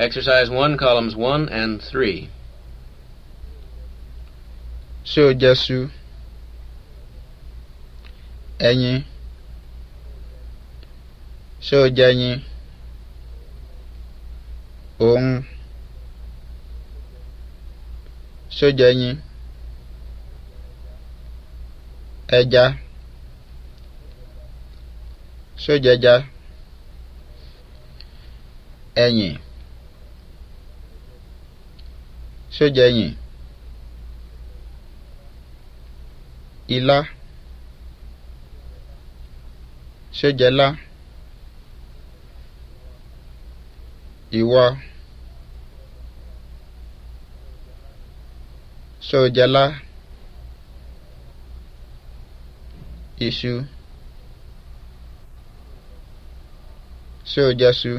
Exercise 1, columns 1 and 3. So Sojasu. On. So Òun. Sojayin. Ẹja. Sojaja. Any. tí ó jẹ ẹ̀yìn ilá tí ó jẹ lá ìwọ tí ó jẹ lá iṣu tí ó jẹ ṣu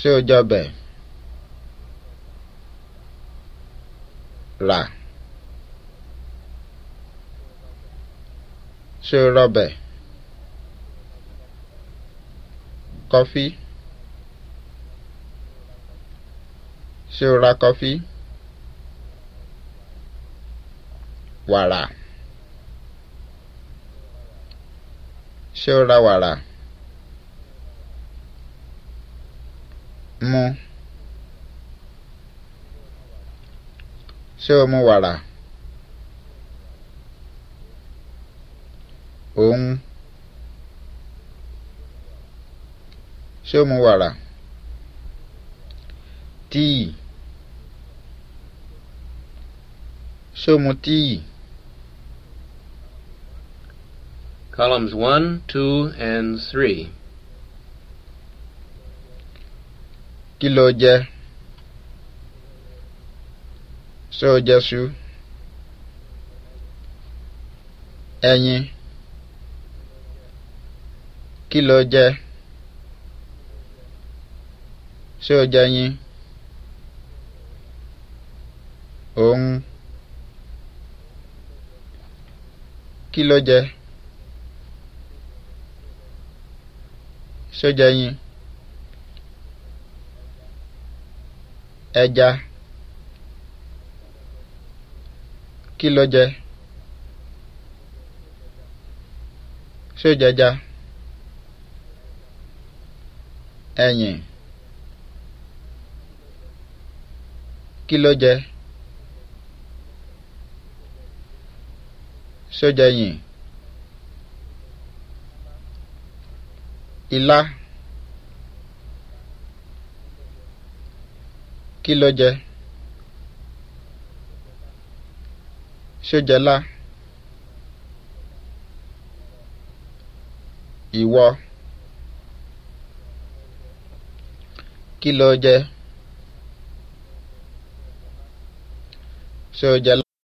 ṣé o jọbẹ̀ rà ṣé o rọbẹ̀ kọfí ṣé o ra kọfí wàrà ṣé o ra wàrà. mu ṣé o mu wàrà òun ṣé o mu wàrà tíì ṣé o mu tíì. Columns 1, 2, and 3. kí ló jẹ ṣé o jẹ ṣu ẹyin kí ló jẹ ṣé o jẹ yín òun kí ló jẹ ṣé o jẹ yín. ẹja kí ló jẹ ṣó jẹja ẹyìn kí ló jẹ ṣó jẹyìn ilá. kí ló jẹ ṣó jẹlá ìwọ kí ló jẹ ṣó jẹlá.